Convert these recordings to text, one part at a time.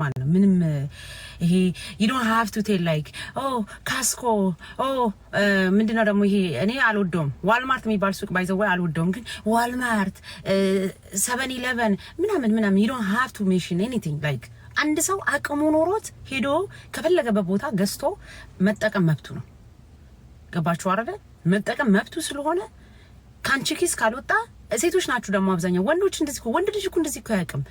ማለት ነው። ምንም ይሄ ዩ ዶንት ሃቭ ቱ ቴል ላይክ ኦ ካስኮ ኦ ምንድነው ደግሞ ይሄ እኔ አልወደውም። ዋልማርት የሚባል ሱቅ ባይዘው አልወደውም፣ ግን ዋልማርት ሰቨን ኢለቨን ምናምን ምናምን ዩ ዶንት ሃቭ ቱ ሜንሽን ኤኒቲንግ ላይክ አንድ ሰው አቅሙ ኖሮት ሄዶ ከፈለገበት ቦታ ገዝቶ መጠቀም መብቱ ነው። ገባችሁ አረደ መጠቀም መብቱ ስለሆነ ከአንቺ ኪስ ካልወጣ ሴቶች ናችሁ ደግሞ አብዛኛው ወንዶች እንደዚህ ወንድ ልጅ እኮ እንደዚህ እኮ አያውቅም።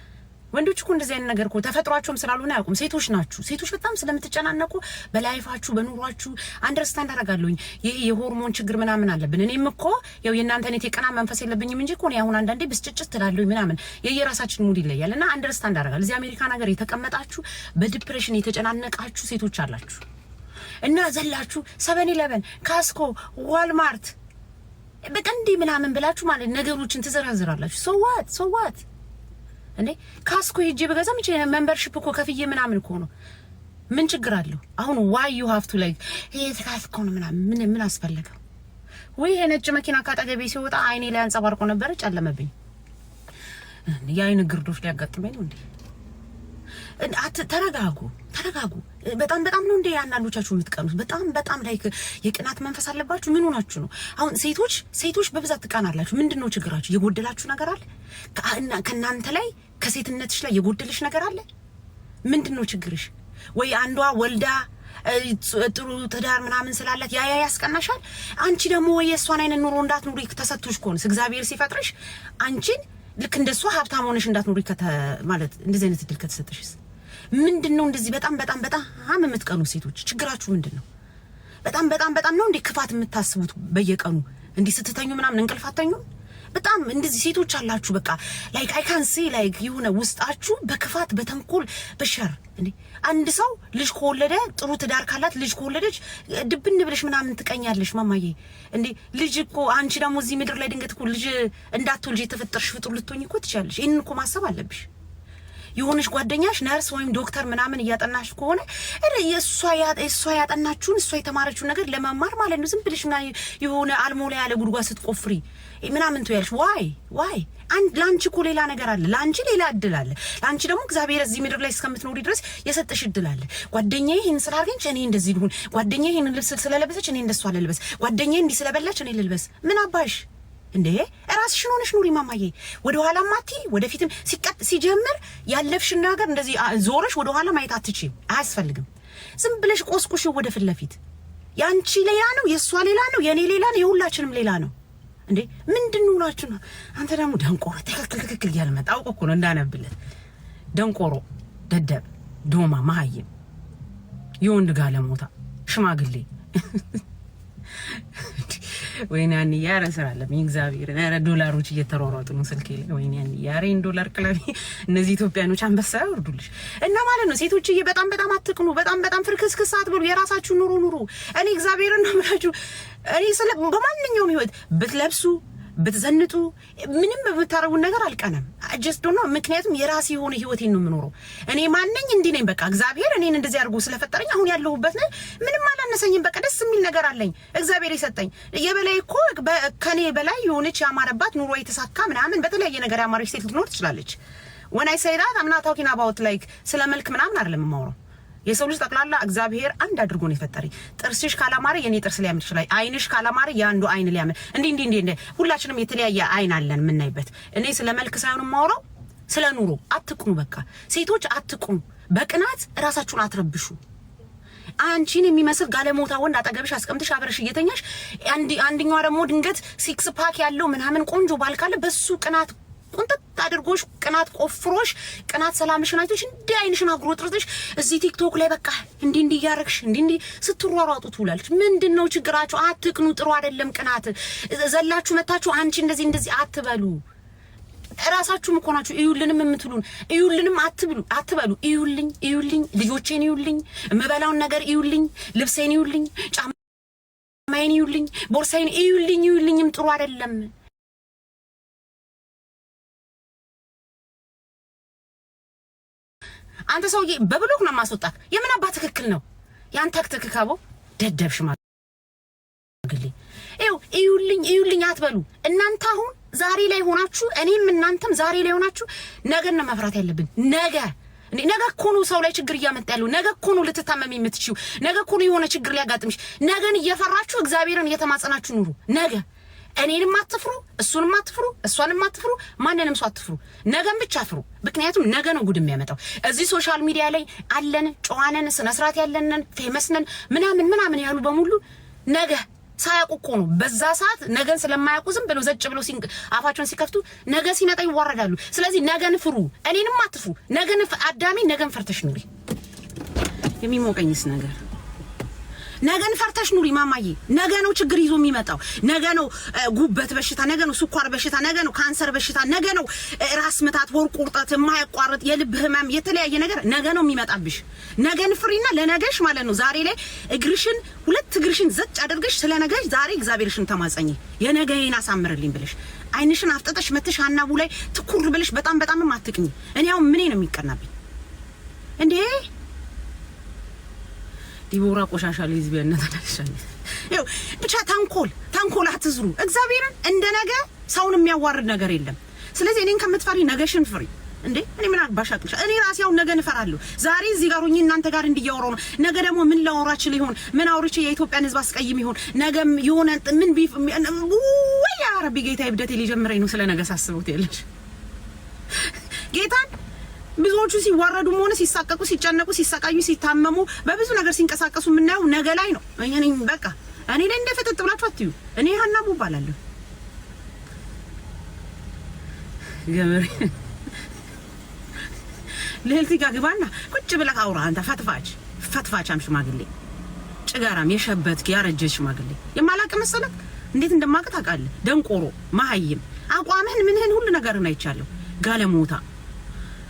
ወንዶች እኮ እንደዚህ አይነት ነገር እኮ ተፈጥሯቸውም ስላልሆነ አያውቁም። ሴቶች ናችሁ። ሴቶች በጣም ስለምትጨናነቁ በላይፋችሁ በኑሯችሁ አንደርስታንድ አደርጋለሁኝ። ይሄ የሆርሞን ችግር ምናምን አለብን። እኔም እኮ ያው የእናንተ ኔት የቀና መንፈስ የለብኝም እንጂ እኮ አሁን አንዳንዴ ብስጭጭት ትላለሁኝ ምናምን። የየራሳችን ሙድ ይለያል እና አንደርስታንድ አደርጋለሁ። እዚህ አሜሪካን ሀገር የተቀመጣችሁ በዲፕሬሽን የተጨናነቃችሁ ሴቶች አላችሁ እና ዘላችሁ ሰቨን ኢለቨን ካስኮ ዋልማርት በቀንዴ ምናምን ብላችሁ ማለት ነገሮችን ትዘረዝራላችሁ። ሶዋት ሶዋት እንዴ ካስኩ ሄጄ በገዛ ምንጭ ሜምበርሺፕ እኮ ከፍዬ ምናምን እኮ ነው። ምን ችግር አለው አሁን? ዋይ ዩ ሃቭ ቱ ላይክ ይሄ ካስኮ ነው ምናምን ምን ምን አስፈለገው? ወይ ይሄ ነጭ መኪና ካጠገቤ ሲወጣ አይኔ ላይ አንጸባርቆ ነበረ፣ ጨለመብኝ። የአይን ግርዶች ሊያጋጥመኝ ነው እንዴ? ተረጋጉ፣ ተረጋጉ። በጣም በጣም ነው እንደ አንዳንዶቻችሁ የምትቀኑት። በጣም በጣም ላይክ የቅናት መንፈስ አለባችሁ። ምን ሆናችሁ ነው? አሁን ሴቶች ሴቶች በብዛት ትቀናላችሁ። ምንድን ነው ችግራችሁ? የጎደላችሁ ነገር አለ? ከእናንተ ላይ ከሴትነትሽ ላይ የጎደልሽ ነገር አለ? ምንድን ነው ችግርሽ? ወይ አንዷ ወልዳ ጥሩ ትዳር ምናምን ስላላት ያ ያ ያስቀናሻል። አንቺ ደግሞ ወይ የእሷን አይነት ኑሮ እንዳትኑሪ ተሰቶች ከሆነስ እግዚአብሔር ሲፈጥርሽ አንቺን ልክ እንደሷ ሀብታም ሆነሽ እንዳትኑሪ ማለት እንደዚህ አይነት እድል ከተሰጠሽስ ምንድን ነው እንደዚህ በጣም በጣም በጣም የምትቀኑ ሴቶች ችግራችሁ ምንድን ነው? በጣም በጣም በጣም ነው እንዴ ክፋት የምታስቡት በየቀኑ እንዲህ ስትተኙ ምናምን እንቅልፍ አተኙም? በጣም እንደዚህ ሴቶች አላችሁ። በቃ ላይክ አይ ካን ሲ ላይክ የሆነ ውስጣችሁ በክፋት በተንኮል በሸር እንዴ አንድ ሰው ልጅ ከወለደ ጥሩ ትዳር ካላት ልጅ ከወለደች ድብን ብለሽ ምናምን ትቀኛለሽ። ማማዬ እንዴ ልጅ እኮ አንቺ ደግሞ እዚህ ምድር ላይ ድንገት እኮ ልጅ እንዳትወልጅ የተፈጠርሽ ፍጡር ልትሆኝ እኮ ትችላለሽ። ይህንን እኮ ማሰብ አለብሽ። የሆነች ጓደኛሽ ነርስ ወይም ዶክተር ምናምን እያጠናሽ ከሆነ እሷ ያጠናችሁን እሷ የተማረችውን ነገር ለመማር ማለት ነው። ዝም ብለሽ የሆነ አልሞላ ያለ ጉድጓ ስትቆፍሪ ምናምን ትያለሽ። ዋይ ዋይ ለአንቺ እኮ ሌላ ነገር አለ። ለአንቺ ሌላ እድል አለ። ለአንቺ ደግሞ እግዚአብሔር እዚህ ምድር ላይ እስከምትኖሪ ድረስ የሰጠሽ እድል አለ። ጓደኛ ይህን ስላደረገች እኔ እንደዚህ ልሁን፣ ጓደኛ ይህን ልብስ ስለለበሰች እኔ እንደሷ ልልበስ፣ ጓደኛ እንዲህ ስለበላች እኔ ልልበስ። ምን አባሽ እንዴ ራስሽን ሆነሽ ኑሪ ማማዬ። ወደ ኋላ ማቲ ወደፊትም ሲቀጥ ሲጀምር ያለፍሽን ነገር እንደዚህ ዞረሽ ወደ ኋላ ማየት አትችይም፣ አያስፈልግም። ዝም ብለሽ ቆስቁሽ ወደ ፊት ለፊት። የአንቺ ሌላ ነው፣ የእሷ ሌላ ነው፣ የእኔ ሌላ ነው፣ የሁላችንም ሌላ ነው። እንዴ ምንድን ሁላችሁ ነው? አንተ ደግሞ ደንቆሮ ትክክል ትክክል እያለ መጣ። አውቆ እኮ ነው እንዳነብለት። ደንቆሮ፣ ደደብ፣ ዶማ፣ መሀይም፣ የወንድ ጋለሞታ፣ ሽማግሌ ወይኔ አንያ ኧረ ስራ አለብኝ እግዚአብሔር ኧረ ዶላሮች እየተሯሯጡ ነው ስልኬ ላይ ወይኔ አንያ ኧረ ዶላር ቅለቢ እነዚህ ኢትዮጵያኖች አንበሳ ያወርዱልሽ እና ማለት ነው ሴቶችዬ በጣም በጣም አትቅኑ በጣም በጣም ፍርክስክስ አትበሉ የራሳችሁ ኑሩ ኑሩ እኔ እግዚአብሔርን ነው የምላችሁ እኔ ስለ በማንኛውም ህይወት ብትለብሱ ብትዘንጡ ምንም በምታረጉን ነገር አልቀናም። ጀስት ዶኖ ምክንያቱም የራሴ የሆነ ህይወቴን ነው የምኖረው። እኔ ማነኝ? እንዲህ ነኝ። በቃ እግዚአብሔር እኔን እንደዚህ አድርጎ ስለፈጠረኝ አሁን ያለሁበት ነኝ። ምንም አላነሰኝም። በቃ ደስ የሚል ነገር አለኝ እግዚአብሔር የሰጠኝ። የበላይ እኮ ከኔ በላይ የሆነች ያማረባት ኑሮ የተሳካ ምናምን በተለያየ ነገር ያማረች ሴት ልትኖር ትችላለች። ወን አይ ሳይ ዳት አም አባውት ላይክ ስለ መልክ ምናምን አይደለም የማውረው የሰው ልጅ ጠቅላላ እግዚአብሔር አንድ አድርጎ ነው የፈጠረኝ። ጥርስሽ ካላማረ የኔ ጥርስ ሊያምር ይችላል። አይንሽ ካላማረ የአንዱ አይን ሊያምር እንዲህ እንዲህ እንዲህ። ሁላችንም የተለያየ አይን አለን የምናይበት። እኔ ስለ መልክ ሳይሆን የማወራው ስለ ኑሮ። አትቁኑ፣ በቃ ሴቶች አትቁኑ። በቅናት እራሳችሁን አትረብሹ። አንቺን የሚመስል ጋለሞታ ወንድ አጠገብሽ አስቀምጥሽ አብረሽ እየተኛሽ፣ አንድኛዋ ደግሞ ድንገት ሲክስ ፓክ ያለው ምናምን ቆንጆ ባል ካለ በሱ ቅናት ቁንጥጥ አድርጎሽ ቅናት ቆፍሮሽ ቅናት ሰላምሽን አይቶሽ እንዲህ አይንሽን አጉሮ ጥርጥሽ እዚህ ቲክቶክ ላይ በቃ እንዲህ እንዲህ እያረግሽ እንዲህ እንዲህ ስትሯሯጡ ትውላለች። ምንድን ነው ችግራችሁ? አትቅኑ። ጥሩ አይደለም ቅናት። ዘላችሁ መታችሁ አንቺ እንደዚህ እንደዚህ አትበሉ። እራሳችሁም እኮ ናችሁ እዩልንም የምትሉን። እዩልንም አትብሉ አትበሉ። እዩልኝ እዩልኝ፣ ልጆቼን እዩልኝ፣ የምበላውን ነገር እዩልኝ፣ ልብሴን እዩልኝ፣ ጫማዬን እዩልኝ፣ ቦርሳዬን እዩልኝ። እዩልኝም ጥሩ አይደለም። አንተ ሰውዬ በብሎክ ነው የማስወጣት። የምን አባ ትክክል ነው ያንተ ትክክል አቦ ደደብ ሽማግሌ ይው እዩልኝ እዩልኝ አትበሉ እናንተ። አሁን ዛሬ ላይ ሆናችሁ እኔም እናንተም ዛሬ ላይ ሆናችሁ ነገን ነው መፍራት ያለብን። ነገ ነገ እኮ ነው ሰው ላይ ችግር እያመጣ ያለው። ነገ እኮ ነው ልትታመሚ የምትችው። ነገ እኮ ነው የሆነ ችግር ሊያጋጥምሽ። ነገን እየፈራችሁ እግዚአብሔርን እየተማጸናችሁ ኑሩ ነገ እኔንም አትፍሩ፣ እሱንም አትፍሩ፣ እሷንም አትፍሩ፣ ማንንም ሰው አትፍሩ። ነገን ብቻ አፍሩ። ምክንያቱም ነገ ነው ጉድ የሚያመጣው። እዚህ ሶሻል ሚዲያ ላይ አለን፣ ጨዋነን፣ ስነስርዓት ያለንን፣ ፌመስነን ምናምን ምናምን ያሉ በሙሉ ነገ ሳያውቁ እኮ ነው በዛ ሰዓት ነገን ስለማያውቁ ዝም ብለው ዘጭ ብለው አፋቸውን ሲከፍቱ ነገ ሲነጣ ይዋረዳሉ። ስለዚህ ነገን ፍሩ፣ እኔንም አትፍሩ። ነገን አዳሚ ነገን ፈርተሽ ኑሪ። የሚሞቀኝስ ነገር ነገን ፈርተሽ ኑሪ ማማዬ። ነገ ነው ችግር ይዞ የሚመጣው። ነገ ነው ጉበት በሽታ፣ ነገ ነው ስኳር በሽታ፣ ነገ ነው ካንሰር በሽታ፣ ነገ ነው ራስ ምታት፣ ወር ቁርጠት፣ የማያቋርጥ የልብ ህመም፣ የተለያየ ነገር ነገ ነው የሚመጣብሽ። ነገን ፍሪና ለነገሽ ማለት ነው። ዛሬ ላይ እግርሽን ሁለት እግርሽን ዘጭ አድርገሽ ስለ ነገሽ ዛሬ እግዚአብሔርሽን ተማጸኝ። የነገዬን አሳምርልኝ ብለሽ አይንሽን አፍጠጠሽ መትሽ አናቡ ላይ ትኩር ብለሽ በጣም በጣም አትቅኝ። እኔ አሁን ምኔ ነው የሚቀናብኝ እንዴ? ዲቦራ ቆሻሻ ሌዝቢያነት አላሻለች። ብቻ ተንኮል ተንኮል አትዝሩ። እግዚአብሔርን እንደ ነገ ሰውን የሚያዋርድ ነገር የለም። ስለዚህ እኔን ከምትፈሪ ነገሽን ፍሪ። እንዴ እኔ ምን አግባሽ እኔ ራሴ አሁን ነገ እፈራለሁ። ዛሬ እዚህ ጋር ሆኜ እናንተ ጋር እንዲያወራው ነው። ነገ ደግሞ ምን ላወራ ሊሆን ምን አውርቼ የኢትዮጵያን ሕዝብ አስቀይም ይሆን? ነገም የሆነ ምን ቢፍ ወይ አረቢ ጌታ ይብደቴ ሊጀምረኝ ነው። ስለ ነገ ሳስበው ትያለሽ ጌታን ብዙዎቹ ሲዋረዱ ሆነ ሲሳቀቁ፣ ሲጨነቁ፣ ሲሳቃዩ፣ ሲታመሙ በብዙ ነገር ሲንቀሳቀሱ የምናየው ነገ ላይ ነው። እኔ በቃ እኔ ላይ እንደፈጠጥ ብላችሁ አትዩ። እኔ ሀናቡ እባላለሁ። ገመሪ ልዕልት ጋ ግባና ቁጭ ብለህ አውራ። አንተ ፈትፋች ፈትፋቻም ሽማግሌ ጭጋራም የሸበትክ ያረጀ ሽማግሌ የማላቅ መሰለህ? እንዴት እንደማውቅ ታውቃለህ? ደንቆሮ መሀይም አቋምህን ምንህን ሁሉ ነገርህን አይቻለሁ። ጋለሞታ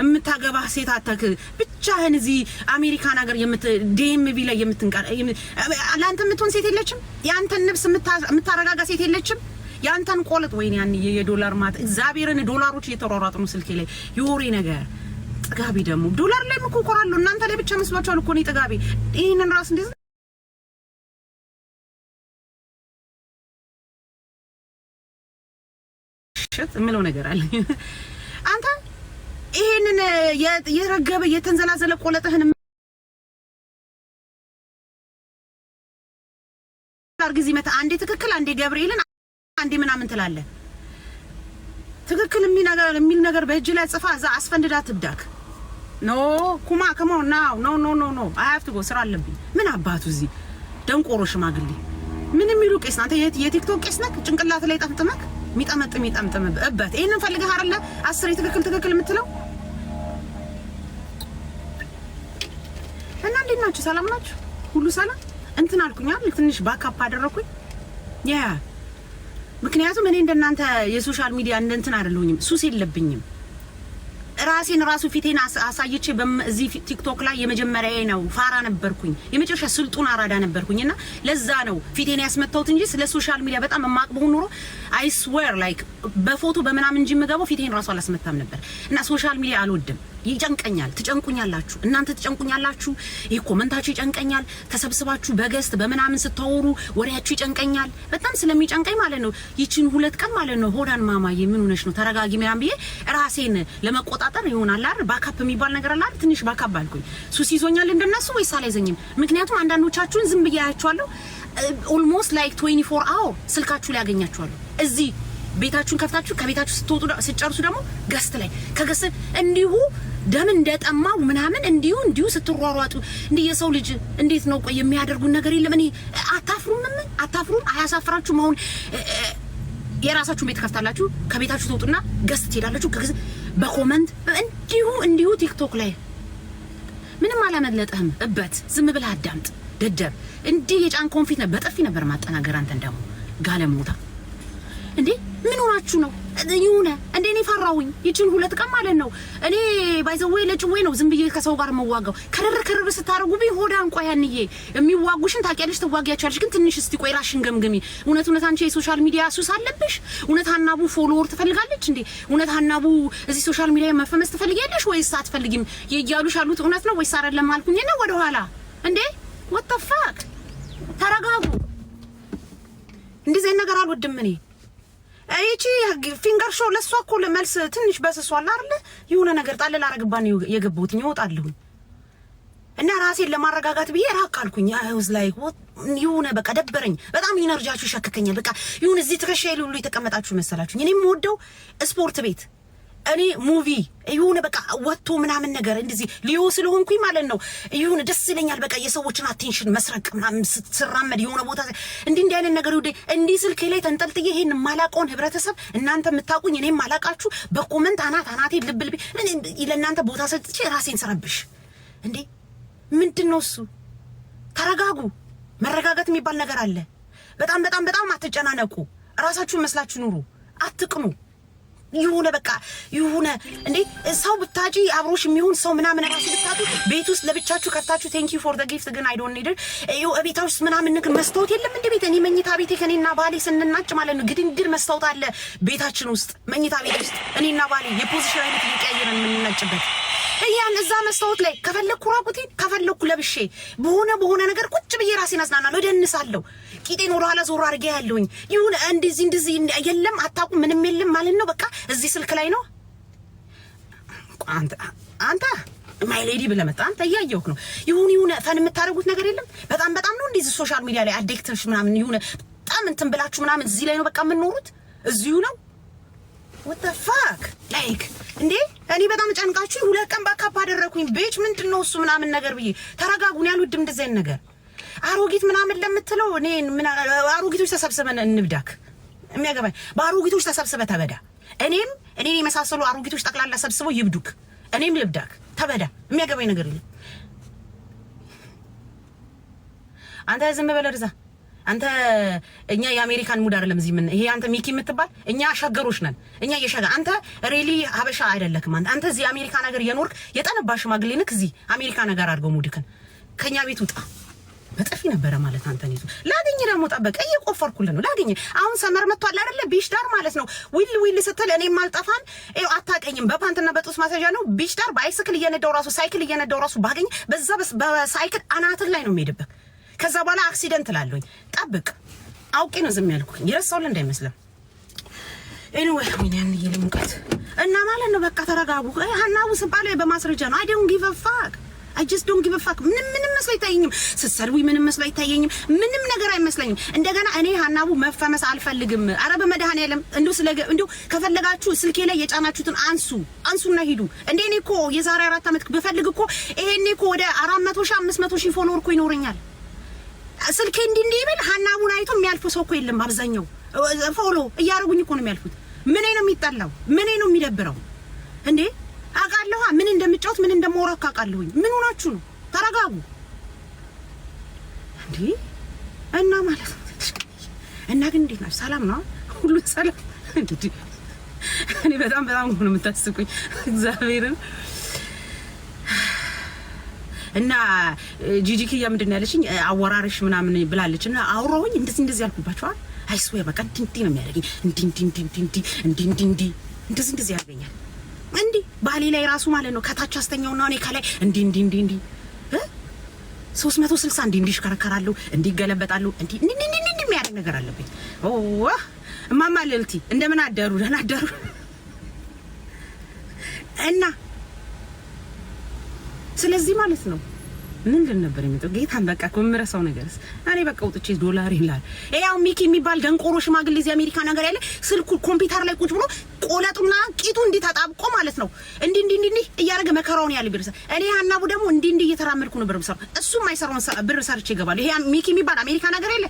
የምታገባህ ሴት አተክ ብቻህን እዚህ አሜሪካን ሀገር ዲኤምቪ ላይ የምትንቀር ለአንተ የምትሆን ሴት የለችም። የአንተን ንብስ የምታረጋጋ ሴት የለችም። የአንተን ቆለጥ ወይን ያን የዶላር ማት እግዚአብሔርን ዶላሮች እየተሯሯጡ ነው ስልኬ ላይ የወሬ ነገር ጥጋቢ ደግሞ ዶላር ላይ ምኮኮራለሁ። እናንተ ላይ ብቻ መስሏቸዋል እኮ እኔ ጥጋቢ ይህንን ራስ እንዴት ሽጥ የምለው ነገር አለ ይሄንን የረገበ የተንዘላዘለ ቆለጥህን ጋር ጊዜ መታ አንዴ ትክክል አንዴ ገብርኤልን አንዴ ምናምን ትላለህ። ትክክል የሚል ነገር በእጅ ላይ ጽፋ እዛ አስፈንድዳ ትብዳክ። ኖ ኩማ ከሞ ናው ኖ ኖ ኖ ኖ አይ ቱ ጎ ስራ አለብኝ። ምን አባቱ እዚህ ደንቆሮ ሽማግሌ ምን የሚሉ ቄስ ናንተ የቲክቶክ ቄስ ነክ ጭንቅላት ላይ ጠምጥመክ ሚጠመጥ እበት ይሄንን ፈልገህ አይደለ አስር የትክክል ትክክል የምትለው ቤተሰቦች ሰላም ናችሁ? ሁሉ ሰላም እንትን አልኩኝ አይደል? ትንሽ ባካፕ አደረኩኝ። ያ ምክንያቱም እኔ እንደናንተ የሶሻል ሚዲያ እንደ እንትን አይደለሁኝም፣ ሱስ የለብኝም። ራሴን ራሱ ፊቴን አሳይቼ እዚህ ቲክቶክ ላይ የመጀመሪያ ነው ፋራ ነበርኩኝ፣ የመጨረሻ ስልጡን አራዳ ነበርኩኝ። እና ለዛ ነው ፊቴን ያስመታሁት እንጂ ስለ ሶሻል ሚዲያ በጣም የማቅበው ኑሮ አይስዌር ላይክ በፎቶ በምናምን እንጂ የምገባው ፊቴን ራሱ አላስመታም ነበር። እና ሶሻል ሚዲያ አልወድም። ይጨንቀኛል። ትጨንቁኛላችሁ፣ እናንተ ትጨንቁኛላችሁ። ይህ ኮመንታችሁ ይጨንቀኛል። ተሰብስባችሁ በገስት በምናምን ስታወሩ ወሬያችሁ ይጨንቀኛል። በጣም ስለሚጨንቀኝ ማለት ነው ይችን ሁለት ቀን ማለት ነው ሆዳን ማማ የምን ሆነሽ ነው ተረጋጊ ምናምን ብዬ ራሴን ለመቆጣጠር ይሆናል አይደል ባካፕ የሚባል ነገር አለ ትንሽ ባካፕ አልኩኝ። ሱስ ይዞኛል እንደነሱ ወይስ አላይዘኝም? ምክንያቱም አንዳንዶቻችሁን ዝም ብዬ አያችኋለሁ። ኦልሞስት ላይክ 24 አወር ስልካችሁ ላይ ያገኛችኋለሁ እዚህ ቤታችሁን ከፍታችሁ ከቤታችሁ ስትወጡ ስትጨርሱ ደግሞ ገስት ላይ ከገስት እንዲሁ ደም እንደጠማው ምናምን እንዲሁ እንዲሁ ስትሯሯጡ እንዲህ የሰው ልጅ እንዴት ነው ቆይ የሚያደርጉን ነገር የለም። እኔ አታፍሩምም? አታፍሩም? አያሳፍራችሁም? አሁን የራሳችሁን ቤት ከፍታላችሁ ከቤታችሁ ትወጡና ገስ ትሄዳላችሁ። በኮመንት እንዲሁ እንዲሁ ቲክቶክ ላይ ምንም አላመለጠህም እበት ዝም ብለህ አዳምጥ። ደደብ እንዲህ የጫንከውን ፊት ነበር በጥፊ ነበር ማጠናገር። አንተን ደግሞ ጋለሞታ እንዴ ምን ሆናችሁ ነው? ይሁነ እንዴ እኔ ፈራውኝ ይችን ሁለት ቀን ማለት ነው እኔ ባይዘዌ ለጭዌ ነው ዝም ብዬ ከሰው ጋር መዋጋው። ከረር ከረር ስታደርጉብኝ ሆዳ እንቋ ያንዬ የሚዋጉሽን ታውቂያለሽ፣ ተዋጊያቸዋለሽ። ግን ትንሽ እስቲ ቆይ ራሽን ገምግሚ። እውነት እውነት አንቺ የሶሻል ሚዲያ ሱስ አለብሽ? እውነት ሀናቡ ፎሎወር ትፈልጋለች እንዴ? እውነት ሀናቡ እዚህ ሶሻል ሚዲያ መፈመስ ትፈልጊያለሽ ወይስ አትፈልጊም? የእያሉሽ አሉት እውነት ነው ወይስ አይደለም አልኩኝ እና ወደኋላ እንዴ ወተፋቅ ተረጋጉ። እንደዚህ ነገር አልወድም እኔ እቺ ፊንገር ሾው ለሷ እኮ መልስ ትንሽ በስሷል አይደለ? የሆነ ነገር ጣል ላረግባን የገባሁት እወጣለሁ እና ራሴን ለማረጋጋት ብዬ ራቅ አልኩኝ። አይውዝ ላይ የሆነ በቃ ደበረኝ። በጣም ኢነርጂያችሁ ይሸክከኛል። በቃ ይሁን እዚህ ትከሻዬ ሁሉ የተቀመጣችሁ መሰላችሁኝ። እኔም የምወደው ስፖርት ቤት እኔ ሙቪ ይሁን በቃ ወጥቶ ምናምን ነገር እንደዚህ ሊዮ ስለሆንኩኝ ማለት ነው ይሁን ደስ ይለኛል። በቃ የሰዎችን አቴንሽን መስረቅ ምናምን ስትራመድ የሆነ ቦታ እንዲህ እንዲህ አይነት ነገር ይሁን እንዲህ ስልክ ላይ ተንጠልጥዬ ይሄን ማላቀውን ህብረተሰብ እናንተ የምታውቁኝ እኔም ማላቃችሁ በኮመንት አናት አናቴ ልብ ልቤ ለእናንተ ቦታ ሰጥቼ ራሴን ስረብሽ እንዴ ምንድን ነው እሱ? ተረጋጉ። መረጋጋት የሚባል ነገር አለ። በጣም በጣም በጣም አትጨናነቁ። ራሳችሁን መስላችሁ ኑሩ። አትቅኑ። ይሁነ በቃ ይሁነ። እንዴ ሰው ብታጪ አብሮሽ የሚሆን ሰው ምናምን ራሱ ብታጡ ቤት ውስጥ ለብቻችሁ ከፍታችሁ ቴንኪ ፎር ዘ ጊፍት ግን አይዶን ዶንት ኒድ ቤታ ውስጥ ምናምን ንክ መስታወት የለም እንደ ቤት እኔ መኝታ ቤቴ ከኔና ባሌ ስንናጭ ማለት ነው ግድንግድ መስታወት አለ ቤታችን ውስጥ መኝታ ቤት ውስጥ እኔና ባሌ የፖዚሽን አይነት እየቀያየረን የምንናጭበት እያን እዛ መስታወት ላይ ከፈለኩ ራቁቴ ከፈለኩ ለብሼ በሆነ በሆነ ነገር ቁጭ ብዬ ራሴን አዝናናለሁ፣ እደንሳለሁ። ቂጤን ወደኋላ ዞሮ አድርጌ ያለውኝ ይሁን እንደዚህ እንደዚህ የለም አታውቁም፣ ምንም የለም ማለት ነው። በቃ እዚህ ስልክ ላይ ነው። አንተ አንተ ማይሌዲ ብለህ መጣ። አንተ እያየሁህ ነው። ይሁን ይሁን ፈን የምታደርጉት ነገር የለም። በጣም በጣም ነው እንደዚህ ሶሻል ሚዲያ ላይ አዴክትሽ ምናምን ይሁን በጣም እንትን ብላችሁ ምናምን እዚህ ላይ ነው በቃ የምንኖሩት እዚሁ ነው ወተፋክ ላይክ እንዴ እኔ በጣም ጨንቃችሁ ሁለት ቀን ባካፕ አደረኩኝ። ቤች ምንድን ነው እሱ ምናምን ነገር ብዬ ተረጋጉን ያሉ ድም እንደዚህ ነገር አሮጊት ምናምን ለምትለው እኔ አሮጊቶች ተሰብስበን እንብዳክ የሚያገባኝ በአሮጊቶች ተሰብስበ ተበዳ። እኔም እኔን የመሳሰሉ አሮጊቶች ጠቅላላ ሰብስበው ይብዱክ፣ እኔም ልብዳክ ተበዳ። የሚያገባኝ ነገር የለም። አንተ ዝም በለ አንተ እኛ የአሜሪካን ሙድ አይደለም እዚህ ምን ይሄ አንተ ሚኪ የምትባል እኛ ሸገሮች ነን። እኛ የሸገ አንተ ሬሊ ሀበሻ አይደለክም። አንተ አንተ እዚህ አሜሪካን ሀገር የኖርክ የጠነባ ሽማግሌ ንክ እዚህ አሜሪካን ሀገር አድርገው ሙድክን ከኛ ቤት ውጣ። በጥፊ ነበረ ማለት አንተን ይዞ ላገኝ ደግሞ ጠበቀ። እየቆፈርኩልን ነው ላገኝ። አሁን ሰመር መጥቷል አይደለ? ቢሽ ዳር ማለት ነው። ዊል ዊል ስትል እኔም አልጠፋን። ይኸው አታቀኝም። በፓንትና በጡስ ማሳጃ ነው ቢሽ ዳር። በአይስክል እየነዳው ራሱ ሳይክል እየነዳው ራሱ ባገኝ በዛ በሳይክል አናትህ ላይ ነው የሚሄድበት ከዛ በኋላ አክሲደንት ላለኝ ጠብቅ አውቄ ነው ዝም ያልኩ። የረሳውል እንዳይመስለም ኤኒዌይ ሚኒያን እየልሙቀት እና ማለት ነው በቃ ተረጋቡ። ሀናቡ ስባለ በማስረጃ ነው። አይ ዶንት ጊቭ አ ፋክ አይ ጀስት ዶንት ጊቭ አ ፋክ። ምንም ምንም መስሎ አይታየኝም። ስትሰድቡ ምንም መስሎ አይታየኝም። ምንም ነገር አይመስለኝም። እንደገና እኔ ሀናቡ መፈመስ አልፈልግም። ኧረ በመድኃኒዓለም እንደው ስለ እንደው ከፈለጋችሁ ስልኬ ላይ የጫናችሁትን አንሱ አንሱና ሂዱ። እንደኔ እኔ እኮ የዛሬ አራት አመት ብፈልግ እኮ ይሄኔ እኮ ወደ አራት መቶ ሺህ 500 ሺህ ፎሎወር እኮ ይኖረኛል። ስልኬ እንዲህ እንዲህ ይበል ሀናቡን አይቶ የሚያልፈው ሰው እኮ የለም። አብዛኛው ፎሎ እያደረጉኝ እኮ ነው የሚያልፉት። ምኔ ነው የሚጠላው? ምኔ ነው የሚደብረው? እንዴ አውቃለሁ ምን እንደምጫወት ምን እንደማወራው አውቃለሁኝ። ምን ሆናችሁ ነው? ተረጋጉ እንዴ እና ማለት እና ግን እንዴት ናችሁ? ሰላም ነው ሁሉ ሰላም። እኔ በጣም በጣም ነው የምታስቁኝ እግዚአብሔርን እና ጂጂክያ ምንድን ነው ያለችኝ አወራረሽ ምናምን ብላለች እና አውራውኝ እንደዚህ እንደዚህ ያልኩባቸዋል። አይስ በቃ እንዲህ ነው የሚያደርገኝ እንዲህ እንዲህ እንዲህ እንዲህ እንዲህ እንዲህ እንደዚህ እንደዚህ ያደርገኛል። እንዲ ባሌ ላይ ራሱ ማለት ነው ከታች አስተኛውና እኔ ከላይ እንዲህ እንዲህ እንዲህ እንዲህ ሶስት መቶ ስልሳ እንዲ እንዲሽከረከራለሁ ይሽከረከራሉ፣ እንዲህ ይገለበጣሉ፣ እንዲህ እንዲህ እንዲህ እንዲህ የሚያደርግ ነገር አለብኝ። ኦ እማማ ልልቲ እንደምን አደሩ? ደህና አደሩ እና ስለዚህ ማለት ነው ምንድን ነበር የሚጠው ጌታን በቃ ከምረሳው ነገርስ እኔ በቃ ወጥቼ ዶላር ይላል ያው ሚኪ የሚባል ደንቆሮ ሽማግሌ እዚህ አሜሪካ ነገር ያለ ስልኩ ኮምፒውተር ላይ ቁጭ ብሎ ቆለጡና ቂጡ እንዲህ ተጣብቆ ማለት ነው እንዲህ እንዲህ እንዲህ እያደረገ መከራውን ያለ ብር እኔ ሀናቡ ደግሞ እንዲህ እንዲህ እየተራመድኩ ነው ብር ብሰራ እሱም አይሰራውን ብር ሰርቼ ይገባል። ይሄ ሚኪ የሚባል አሜሪካ ነገር የለ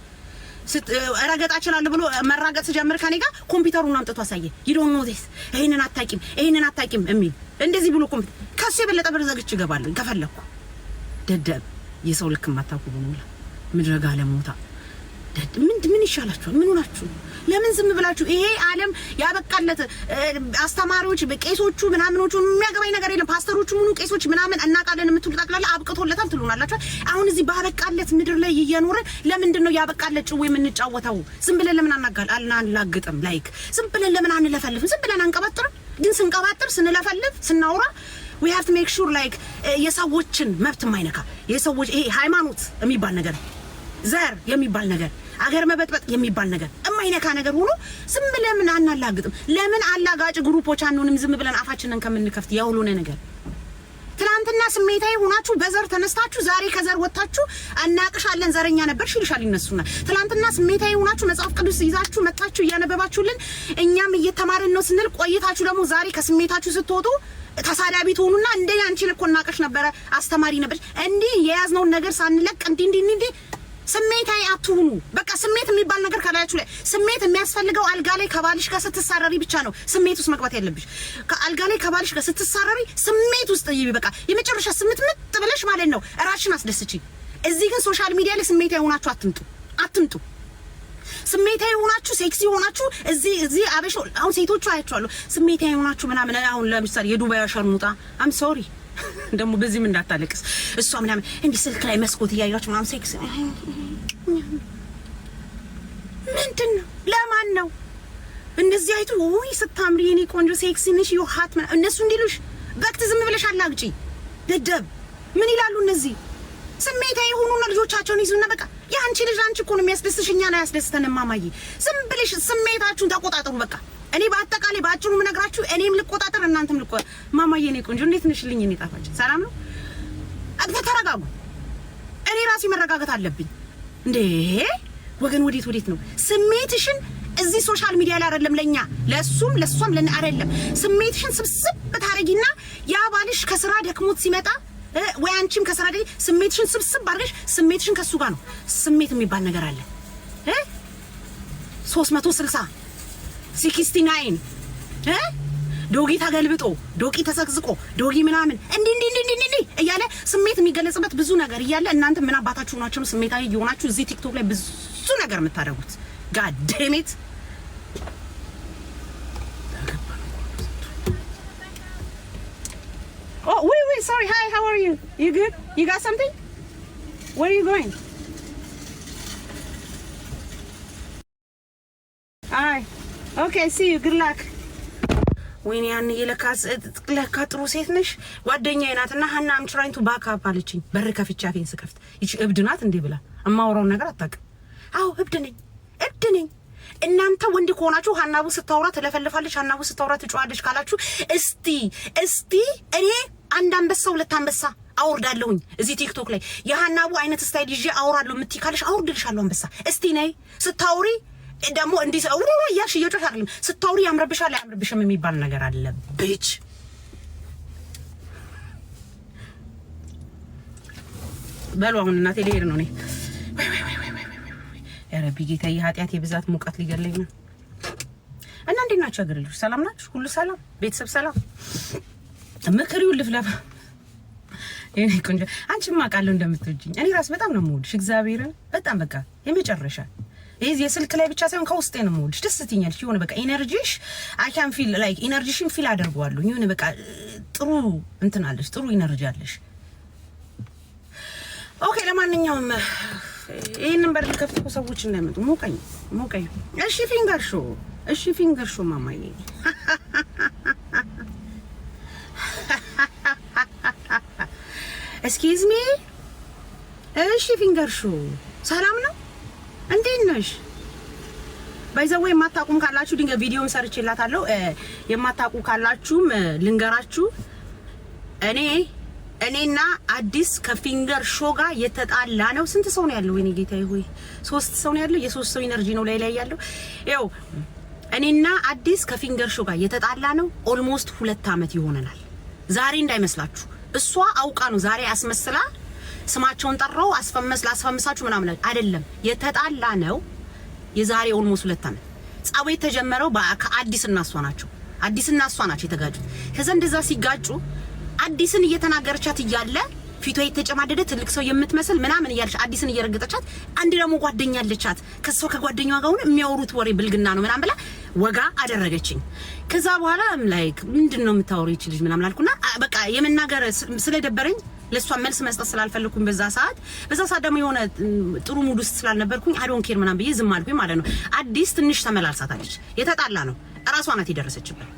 ረገጣችን አለ ብሎ መራገጥ ስጀምር ከኔ ጋር ኮምፒውተሩን አምጥቶ አሳየ። ነው ዜስ ይሄንን አታቂም ይሄንን አታቂም የሚል እንደዚህ ብሎ ኮምፒውተር ከሱ የበለጠ ብር ዘግቼ እገባለሁ ከፈለኩ። ደደብ የሰው ልክ የማታውቁ በሙላ ምድረጋ ለሞታ ምን ምን ይሻላችኋል? ምን ሆናችሁ? ለምን ዝም ብላችሁ? ይሄ ዓለም ያበቃለት አስተማሪዎች፣ ቄሶቹ፣ ምናምኖቹ የሚያገባኝ ነገር የለም። ፓስተሮቹ ምኑ ቄሶች ምናምን እናቃለን የምትሉ ጠቅላላ አብቅቶለታል ትሉናላችሁ። አሁን እዚህ ባበቃለት ምድር ላይ እየኖረን ለምንድን ነው ያበቃለት ጭው የምንጫወተው? ዝም ብለን ለምን አናጋል አናላግጥም? ላይክ ዝም ብለን ለምን አንለፈልፍም? ዝም ብለን አንቀባጥርም? ግን ስንቀባጥር፣ ስንለፈልፍ፣ ስናውራ ዊ ሃቭ ቱ ሜክ ሹር ላይክ የሰዎችን መብት የማይነካ የሰዎች ይሄ ሃይማኖት የሚባል ነገር ዘር የሚባል ነገር አገር መበጥበጥ የሚባል ነገር የማይነካ ነገር ሁሉ ዝም ብለን ምን አናላግጥም? ለምን አላጋጭ ግሩፖች አንሆንም? ዝም ብለን አፋችንን ከምንከፍት ያውሉነ ነገር ትናንትና ስሜታዊ ሆናችሁ በዘር ተነስታችሁ ዛሬ ከዘር ወጥታችሁ እናቅሻለን፣ ዘረኛ ነበር ሽልሻል ይነሱና። ትናንትና ስሜታዊ ሆናችሁ መጽሐፍ ቅዱስ ይዛችሁ መጥታችሁ እያነበባችሁልን እኛም እየተማርን ነው ስንል ቆይታችሁ ደግሞ ዛሬ ከስሜታችሁ ስትወጡ ተሳዳቢ ትሆኑና እንደ አንቺን እኮ እናቅሽ ነበረ አስተማሪ ነበር እንዲህ የያዝነውን ነገር ሳንለቅ እንዲህ እንዲህ እንዲህ ስሜታዊ አትሁኑ። በቃ ስሜት የሚባል ነገር ከላያችሁ ላይ ስሜት የሚያስፈልገው አልጋ ላይ ከባልሽ ጋር ስትሳረሪ ብቻ ነው። ስሜት ውስጥ መግባት ያለብሽ አልጋ ላይ ከባልሽ ጋር ስትሳረሪ ስሜት ውስጥ ይቢ በቃ የመጨረሻ ስምት ምጥ ብለሽ ማለት ነው። ራስሽን አስደስቺ። እዚህ ግን ሶሻል ሚዲያ ላይ ስሜታዊ ሆናችሁ አትምጡ፣ አትምጡ። ስሜታዊ ሆናችሁ ሴክሲ ሆናችሁ እዚህ እዚህ አበሾ አሁን ሴቶቹ አያችኋለሁ። ስሜታዊ ሆናችሁ ምናምን አሁን ለምሳሌ የዱባይ አሸርሙጣ አም ሶሪ ደግሞ በዚህም እንዳታለቅስ እሷ ምናምን እንዲህ ስልክ ላይ መስኮት እያያች ምናምን ሴክስ ምንድን ነው? ለማን ነው እንደዚህ አይቱ ውይ ስታምሪ የኔ ቆንጆ ሴክሲ ነሽ ዮሀት እነሱ እንዲሉሽ በቅት ዝም ብለሽ አላግጪ ደደብ ምን ይላሉ እነዚህ ስሜታዊ የሆኑና ልጆቻቸውን ይዙና በቃ የአንቺ ልጅ አንቺ እኮ ነው የሚያስደስትሽ እኛን አያስደስተንም ማማዬ ዝም ብለሽ ስሜታችሁን ተቆጣጠሩ በቃ እኔ በአጠቃላይ በአጭሩ ምነግራችሁ እኔም ልቆጣጠር እናንተም ልቆ ማማዬ እኔ ቆንጆ እንዴት ነሽልኝ? እኔ ጣፋጭ ሰላም ነው። አጥፈ ተረጋጉ። እኔ ራሴ መረጋጋት አለብኝ እንዴ ወገን። ወዴት ወዴት ነው ስሜትሽን እዚህ ሶሻል ሚዲያ ላይ አይደለም ለኛ ለሱም ለሷም ለኔ አይደለም። ስሜትሽን ስብስብ ብታረጊና ያ ባልሽ ከስራ ደክሞት ሲመጣ ወይ አንቺም ከስራ ደግ ስሜትሽን ስብስብ አድርገሽ ስሜትሽን ከሱ ጋር ነው። ስሜት የሚባል ነገር አለ 360 ሲክስቲ ናይን ዶጊ ተገልብጦ ዶቂ ተሰቅዝቆ ዶጊ ምናምን እንዲ እንዲ እንዲ እንዲ እያለ ስሜት የሚገለጽበት ብዙ ነገር እያለ እናንተ ምን አባታችሁ ሆናችሁ ነው ስሜታዊ እየሆናችሁ እዚህ ቲክቶክ ላይ ብዙ ነገር የምታደርጉት? ጋዴሜት Oh, wait, wait, sorry. Hi, how are you? You good? You got something? Where are you going? Hi. ኦኬ ሲ ዩ ጉድ ላክ። ወይኔ ያን ለካ ጥሩ ሴት ነሽ ጓደኛዬ ናት እና ሀና አም ትራይንግ ቱ ባክ አፕ አለችኝ። በር ከፍቼ አፌን ስከፍት ይቺ እብድ ናት እንዴ ብላ እማወራውን ነገር አታውቅም። አዎ እብድ ነኝ እብድ ነኝ። እናንተ ወንድ ከሆናችሁ ሀናቡ ስታወራ ትለፈልፋለች፣ ሀናቡ ስታወራ ትጮሃለች ካላችሁ እስቲ እስቲ እኔ አንድ አንበሳ ሁለት አንበሳ አውርዳለሁኝ እዚህ ቲክቶክ ላይ የሀናቡ አይነት ስታይል ይዤ አውራለሁ የምትይ ካለሽ አውርድልሻለሁ አንበሳ። እስቲ ነይ ስታውሪ ደግሞ እንዲህ ውሮ እያልሽ እየጮሽ አይደለም ስታውሪ ያምረብሻል አያምርብሽም የሚባል ነገር አለ ብች በሉ አሁን እናቴ ሊሄድ ነው። እኔ ረቢ ጌታ የኃጢአት የብዛት ሙቀት ሊገለኝ ነው። እና እንዴት ናቸው ሀገር ልጆች? ሰላም ናችሁ? ሁሉ ሰላም፣ ቤተሰብ ሰላም። ምክሪውን ልፍለፋ የኔ ቆንጆ። አንቺማ አውቃለሁ እንደምትወጂኝ። እኔ ራስ በጣም ነው የምወድሽ። እግዚአብሔርን በጣም በቃ የመጨረሻ ይህ የስልክ ላይ ብቻ ሳይሆን ከውስጤ ነው የምወድሽ። ደስ ትኛለሽ። የሆነ በቃ ኢነርጂሽ አይ ካን ፊል ላይክ ኢነርጂሽን ፊል አደርገዋለሁ። የሆነ በቃ ጥሩ እንትን አለሽ፣ ጥሩ ኢነርጂ አለሽ። ኦኬ፣ ለማንኛውም ይህንን በር ከፍቶ ሰዎች እንዳይመጡ ሞቀኝ ሞቀኝ። እሺ፣ ፊንገር ሾ እሺ፣ ፊንገር ሾ ማማዬ እስኪዝ ሚ እሺ፣ ፊንገር ሹ ሰላም ነው እንዴት ነሽ? ባይዘዌ የማታቁም ካላችሁ ድንገት ቪዲዮን ሰርቼላታለሁ። የማታቁ ካላችሁም ልንገራችሁ። እኔ እኔና አዲስ ከፊንገር ሾ ጋር የተጣላ ነው። ስንት ሰው ነው ያለው? ወይኔ ጌታዬ ሆይ ሶስት ሰው ነው ያለው። የሶስት ሰው ኢነርጂ ነው ላይ ላይ ያለው። ይኸው እኔና አዲስ ከፊንገር ሾ ጋር የተጣላ ነው። ኦልሞስት ሁለት አመት ይሆነናል። ዛሬ እንዳይመስላችሁ እሷ አውቃ ነው ዛሬ አስመስላ ስማቸውን ጠራው አስፈመስ ላስፈምሳችሁ ምናምን አይደለም። የተጣላ ነው የዛሬ ኦልሞስ ሁለት ዓመት ጸቡ የተጀመረው ከአዲስ እና እሷ ናቸው። አዲስ እና እሷ ናቸው የተጋጩት። ከዛ እንደዛ ሲጋጩ አዲስን እየተናገረቻት እያለ ፊቷ የተጨማደደ ትልቅ ሰው የምትመስል ምናምን እያለች አዲስን እየረገጠቻት፣ አንድ ደግሞ ጓደኛ አለቻት ከሷ ከጓደኛዋ ጋር ሆነ የሚያወሩት ወሬ ብልግና ነው ምናምን ብላ ወጋ አደረገችኝ። ከዛ በኋላ ላይክ ምንድን ነው የምታወሩ ይች ልጅ ምናምን አልኩና በቃ የመናገር ስለደበረኝ ለእሷ መልስ መስጠት ስላልፈለኩኝ በዛ ሰዓት በዛ ሰዓት ደግሞ የሆነ ጥሩ ሙድ ውስጥ ስላልነበርኩኝ አዶን ኬር ምናምን ብዬ ዝም አልኩኝ ማለት ነው። አዲስ ትንሽ ተመላልሳታለች። የተጣላ ነው እራሷ ናት የደረሰችበት።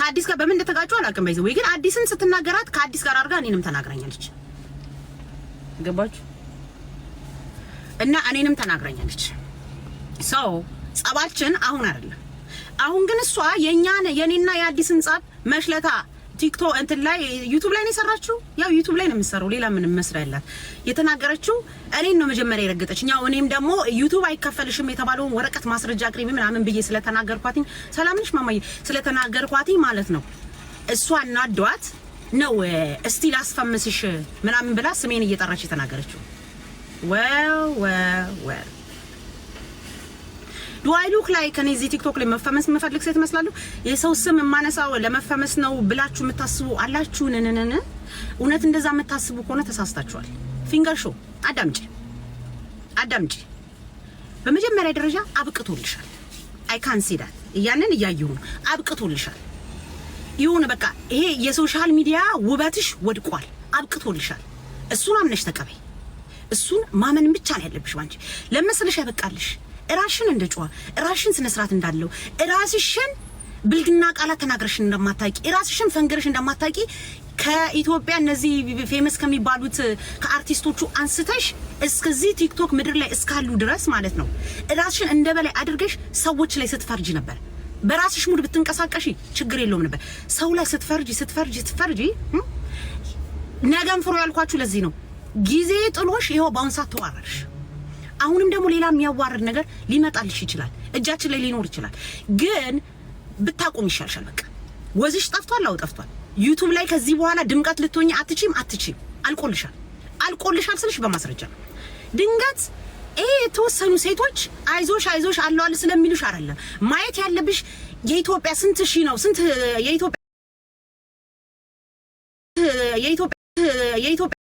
ከአዲስ ጋር በምን እንደተጋጩ አላውቅም። ባይዘ ወይ ግን አዲስን ስትናገራት ከአዲስ ጋር አድርጋ እኔንም ተናግረኛለች። ገባችሁ? እና እኔንም ተናግረኛለች። ሰው ጸባችን አሁን አይደለም አሁን ግን እሷ የእኛን የእኔና የአዲስን ጸብ መሽለታ ቲክቶክ እንትን ላይ ዩቱብ ላይ ነው የሰራችው። ያው ዩቱብ ላይ ነው የምትሰራው፣ ሌላ ምንም መስሪያ ያላት የተናገረችው እኔን ነው መጀመሪያ የረገጠችኝ። ያው እኔም ደግሞ ዩቱብ አይከፈልሽም የተባለውን ወረቀት ማስረጃ አቅርቢ ምናምን ብዬ ስለተናገርኳትኝ፣ ሰላም ነሽ ማማዬ ስለተናገርኳትኝ ማለት ነው እሷ እናዷት ነው እስቲ ላስፈምስሽ ምናምን ብላ ስሜን እየጠራች የተናገረችው። ወ ወ ወ ዱ ላይ ከኔ እዚህ ቲክቶክ ላይ መፈመስ የምፈልግ ሴት እመስላለሁ? የሰው ስም የማነሳው ለመፈመስ ነው ብላችሁ የምታስቡ አላችሁ። ነነነነ እውነት እንደዛ የምታስቡ ከሆነ ተሳስታችኋል። ፊንገር ሾው አዳምጪ፣ አዳምጪ። በመጀመሪያ ደረጃ አብቅቶልሻል። አይ ካን ሲ ዳት እያንን እያየሁ ነው። አብቅቶልሻል። ይሁን በቃ ይሄ የሶሻል ሚዲያ ውበትሽ ወድቋል። አብቅቶልሻል። እሱን አምነሽ ተቀበይ። እሱን ማመን ብቻ ነው ያለብሽ። ባንቺ ለመስልሽ ያበቃልሽ ራሽን እንደ ጨዋ ራሽን ስነ ስርዓት እንዳለው ራስሽን ብልግና ቃላት ተናግረሽን እንደማታቂ ራስሽን ፈንገረሽ እንደማታቂ ከኢትዮጵያ እነዚህ ፌመስ ከሚባሉት ከአርቲስቶቹ አንስተሽ እስከዚህ ቲክቶክ ምድር ላይ እስካሉ ድረስ ማለት ነው ራስሽን እንደበላይ አድርገሽ ሰዎች ላይ ስትፈርጂ ነበር። በራስሽ ሙድ ብትንቀሳቀሺ ችግር የለውም ነበር። ሰው ላይ ስትፈርጂ ስትፈርጂ ስትፈርጂ ነገን ፍሮ ያልኳችሁ ለዚህ ነው። ጊዜ ጥሎሽ ይኸው በአሁን ሰዓት ተዋረድሽ። አሁንም ደግሞ ሌላ የሚያዋርድ ነገር ሊመጣልሽ ይችላል፣ እጃችን ላይ ሊኖር ይችላል። ግን ብታቆም ይሻልሻል። በቃ ወዝሽ ጠፍቷል፣ አው ጠፍቷል። ዩቱብ ላይ ከዚህ በኋላ ድምቀት ልትሆኝ አትችም፣ አትችም። አልቆልሻል፣ አልቆልሻል ስልሽ በማስረጃ ነው። ድንገት ይሄ የተወሰኑ ሴቶች አይዞሽ አይዞሽ አለዋል ስለሚሉሽ አይደለም ማየት ያለብሽ የኢትዮጵያ ስንት ሺ ነው ስንት የኢትዮጵያ የኢትዮጵያ